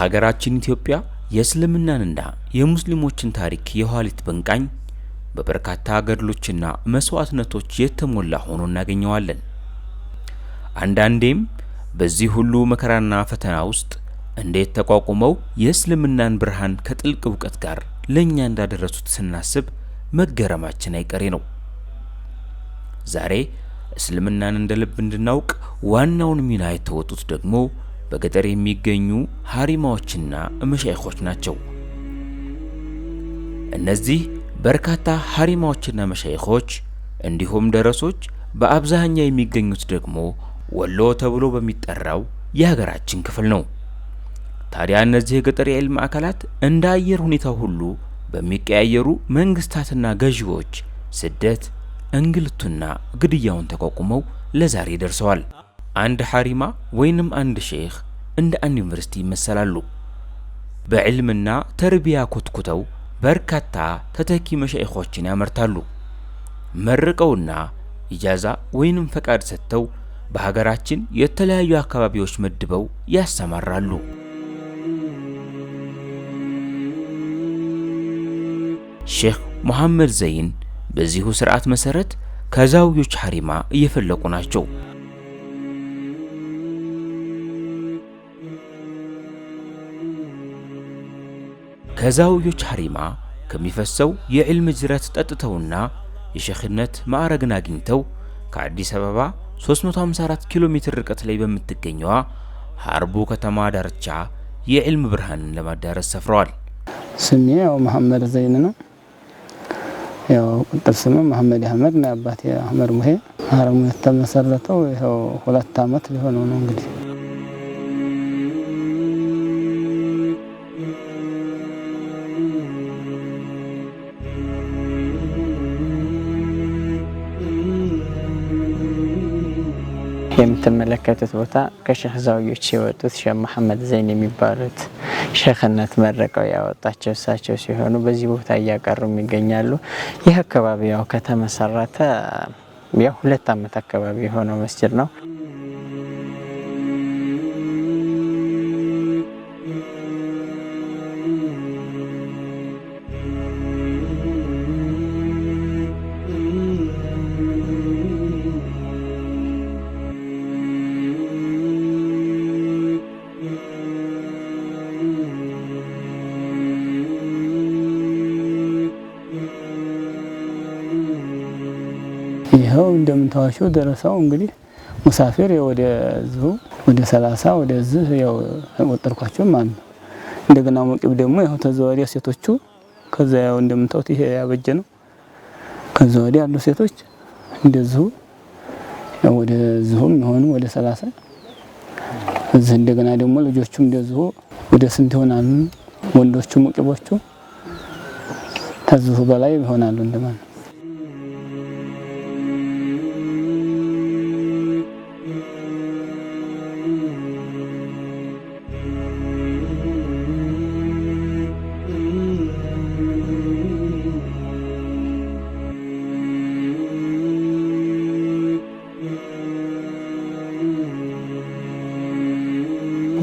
በሀገራችን ኢትዮጵያ የእስልምናንና የሙስሊሞችን ታሪክ የኋሊት በንቃኝ በበርካታ ገድሎችና መስዋዕትነቶች የተሞላ ሆኖ እናገኘዋለን። አንዳንዴም በዚህ ሁሉ መከራና ፈተና ውስጥ እንዴት ተቋቁመው የእስልምናን ብርሃን ከጥልቅ እውቀት ጋር ለእኛ እንዳደረሱት ስናስብ መገረማችን አይቀሬ ነው። ዛሬ እስልምናን እንደ ልብ እንድናውቅ ዋናውን ሚና የተወጡት ደግሞ በገጠር የሚገኙ ሀሪማዎችና መሻይኾች ናቸው። እነዚህ በርካታ ሀሪማዎችና መሻይኾች እንዲሁም ደረሶች በአብዛኛው የሚገኙት ደግሞ ወሎ ተብሎ በሚጠራው የሀገራችን ክፍል ነው። ታዲያ እነዚህ የገጠር የዕልም አካላት እንደ አየር ሁኔታ ሁሉ በሚቀያየሩ መንግስታትና ገዢዎች ስደት፣ እንግልቱና ግድያውን ተቋቁመው ለዛሬ ደርሰዋል። አንድ ሐሪማ ወይንም አንድ ሼህ እንደ አንድ ዩኒቨርሲቲ ይመሰላሉ። በዕልምና ተርቢያ ኮትኩተው በርካታ ተተኪ መሻይኾችን ያመርታሉ። መርቀውና ኢጃዛ ወይንም ፈቃድ ሰጥተው በሀገራችን የተለያዩ አካባቢዎች መድበው ያሰማራሉ። ሼህ መሐመድ ዘይን በዚሁ ስርዓት መሰረት ከዛውዮች ሐሪማ እየፈለቁ ናቸው። ከዛውዮች ሐሪማ ከሚፈሰው የዕልም ጅረት ጠጥተውና የሸኽነት ማዕረግን አግኝተው ከአዲስ አበባ 354 ኪሎ ሜትር ርቀት ላይ በምትገኘዋ ሀርቡ ከተማ ዳርቻ የዕልም ብርሃንን ለማዳረስ ሰፍረዋል። ስሜ ያው መሐመድ ዘይን ነው። ያው ቁጥር ስሙ መሐመድ አህመድ ነው። አባቴ አህመድ ሙሄ ሀረሙ የተመሰረተው ይኸው ሁለት ዓመት ሊሆነው ነው እንግዲህ የምትመለከቱት ቦታ ከሼክ ዛውዮች የወጡት ሼህ መሐመድ ዘይን የሚባሉት ሼህነት መረቀው ያወጣቸው እሳቸው ሲሆኑ በዚህ ቦታ እያቀሩም ይገኛሉ። ይህ አካባቢ ያው ከተመሰረተ ያው ሁለት ዓመት አካባቢ የሆነው መስጅድ ነው። ይኸው እንደምታዋቸው ደረሳው እንግዲህ ሙሳፊር ወደዚሁ ወደ ሰላሳ ወደዚህ ያው ተቆጠርኳቸው ማለት ነው። እንደገና ሙቂም ደግሞ ያው ተዘዋሪ ሴቶቹ ከዛ ያው እንደምታውት ይሄ ያበጀ ነው። ከዛ ወዲያ ያሉ ሴቶች እንደዚሁ ያው ወደዚሁም የሆኑ ወደ ሰላሳ እዚህ እንደገና ደግሞ ልጆቹም እንደዚሁ ወደ ስንት ይሆናሉ? ወንዶቹ ሙቂቦቹ ተዝሁ በላይ ይሆናሉ እንደማለት ነው።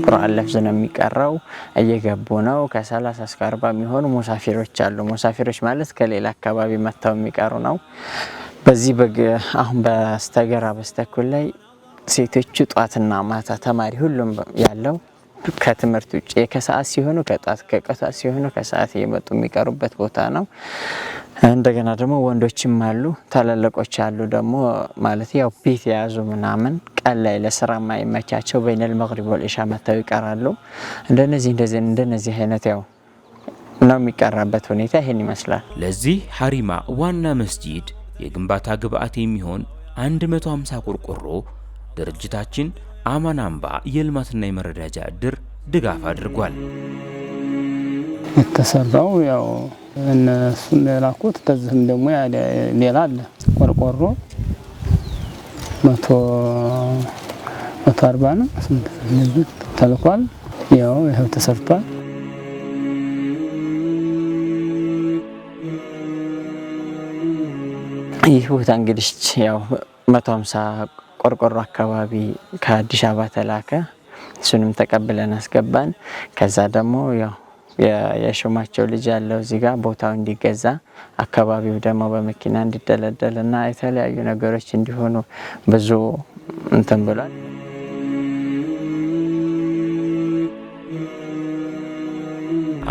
ቁርአን ነው የሚቀራው። እየገቡ ነው። ከ30 እስከ 40 የሚሆኑ ሙሳፊሮች አሉ። ሙሳፊሮች ማለት ከሌላ አካባቢ መጥተው የሚቀሩ ነው። በዚህ አሁን በስተገራ በስተኩል ላይ ሴቶቹ ጧትና ማታ ተማሪ ሁሉም ያለው ከትምህርት ውጭ ከሰዓት ሲሆኑ ከጣት ከቀሳት ሲሆኑ ከሰዓት እየመጡ የሚቀሩበት ቦታ ነው። እንደገና ደግሞ ወንዶችም አሉ፣ ታላላቆች አሉ ደግሞ ማለት ያው ቤት የያዙ ምናምን ቀን ላይ ለስራ ማይመቻቸው በይነል መቅሪብ ወልኢሻ መጥተው ይቀራሉ። እንደነዚህ እንደዚህ እንደነዚህ አይነት ያው ነው የሚቀራበት ሁኔታ ይህን ይመስላል። ለዚህ ሀሪማ ዋና መስጂድ የግንባታ ግብአት የሚሆን 150 ቆርቆሮ ድርጅታችን አማን አምባ የልማትና የመረዳጃ እድር ድጋፍ አድርጓል። የተሰራው ያው እነሱን የላኩት ከዚህም ደግሞ ሌላ አለ ቆርቆሮ መቶ አርባ ነው ተልኳል። ያው ይኸው ተሰርቷል። ይህ ቦታ እንግዲህ ያው መቶ ሀምሳ ቆርቆሮ አካባቢ ከአዲስ አበባ ተላከ። እሱንም ተቀብለን አስገባን። ከዛ ደግሞ ያው የሹማቸው ልጅ ያለው እዚህ ጋር ቦታው እንዲገዛ አካባቢው ደግሞ በመኪና እንዲደለደል እና የተለያዩ ነገሮች እንዲሆኑ ብዙ እንትን ብሏል።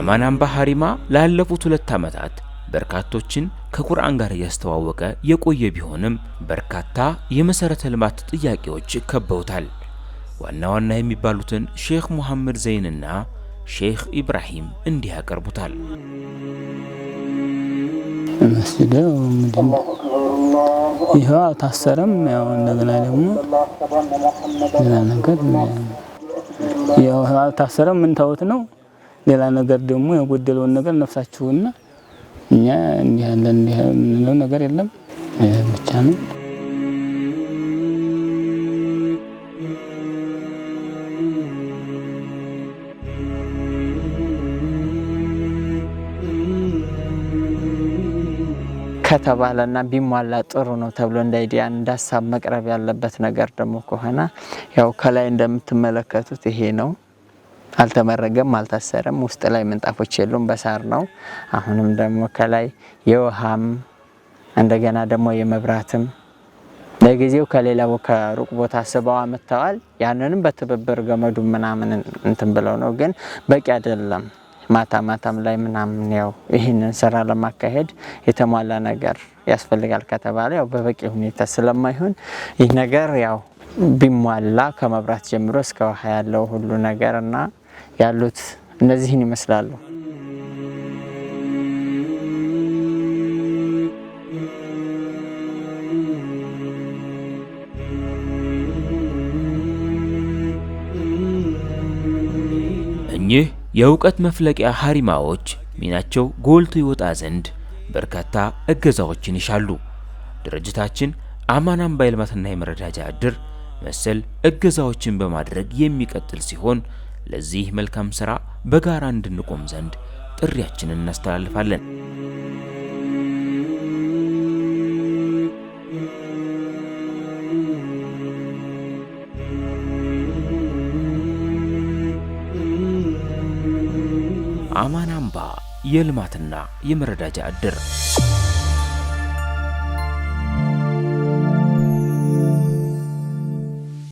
አማን አምባ ሀሪማ ላለፉት ሁለት ዓመታት በርካቶችን ከቁርአን ጋር እያስተዋወቀ የቆየ ቢሆንም በርካታ የመሰረተ ልማት ጥያቄዎች ከበውታል። ዋና ዋና የሚባሉትን ሼክ ሙሐመድ ዘይንና ሼክ ኢብራሂም እንዲህ ያቀርቡታል። ይኸው አልታሰረም። ያው እንደገና ደግሞ ሌላ ነገር ያው አልታሰረም። ምን ታወት ነው ሌላ ነገር ደግሞ የጎደለውን ነገር ነፍሳችሁና እኛ እንዲህ ያለ እንዲህ የምንለው ነገር የለም ብቻ ነው። ከተባለና ቢሟላ ጥሩ ነው ተብሎ እንደ አይዲያ እንዳሳብ መቅረብ ያለበት ነገር ደግሞ ከሆነ ያው ከላይ እንደምትመለከቱት ይሄ ነው። አልተመረገም፣ አልታሰረም። ውስጥ ላይ ምንጣፎች የሉም፣ በሳር ነው። አሁንም ደግሞ ከላይ የውሃም እንደገና ደግሞ የመብራትም ለጊዜው ከሌላ ከሩቅ ቦታ ስበው አምጥተዋል። ያንንም በትብብር ገመዱ ምናምን እንትን ብለው ነው፣ ግን በቂ አይደለም። ማታ ማታም ላይ ምናምን ያው ይህንን ስራ ለማካሄድ የተሟላ ነገር ያስፈልጋል ከተባለ ያው በበቂ ሁኔታ ስለማይሆን ይህ ነገር ያው ቢሟላ ከመብራት ጀምሮ እስከ ውሃ ያለው ሁሉ ነገር እና ያሉት እነዚህን ይመስላሉ። እኚህ የእውቀት መፍለቂያ ሀሪማዎች ሚናቸው ጎልቶ ይወጣ ዘንድ በርካታ እገዛዎችን ይሻሉ። ድርጅታችን አማናም አምባ የመረዳጃ እድር መሰል እገዛዎችን በማድረግ የሚቀጥል ሲሆን ለዚህ መልካም ሥራ በጋራ እንድንቆም ዘንድ ጥሪያችንን እናስተላልፋለን። አማን አምባ የልማትና የመረዳጃ ዕድር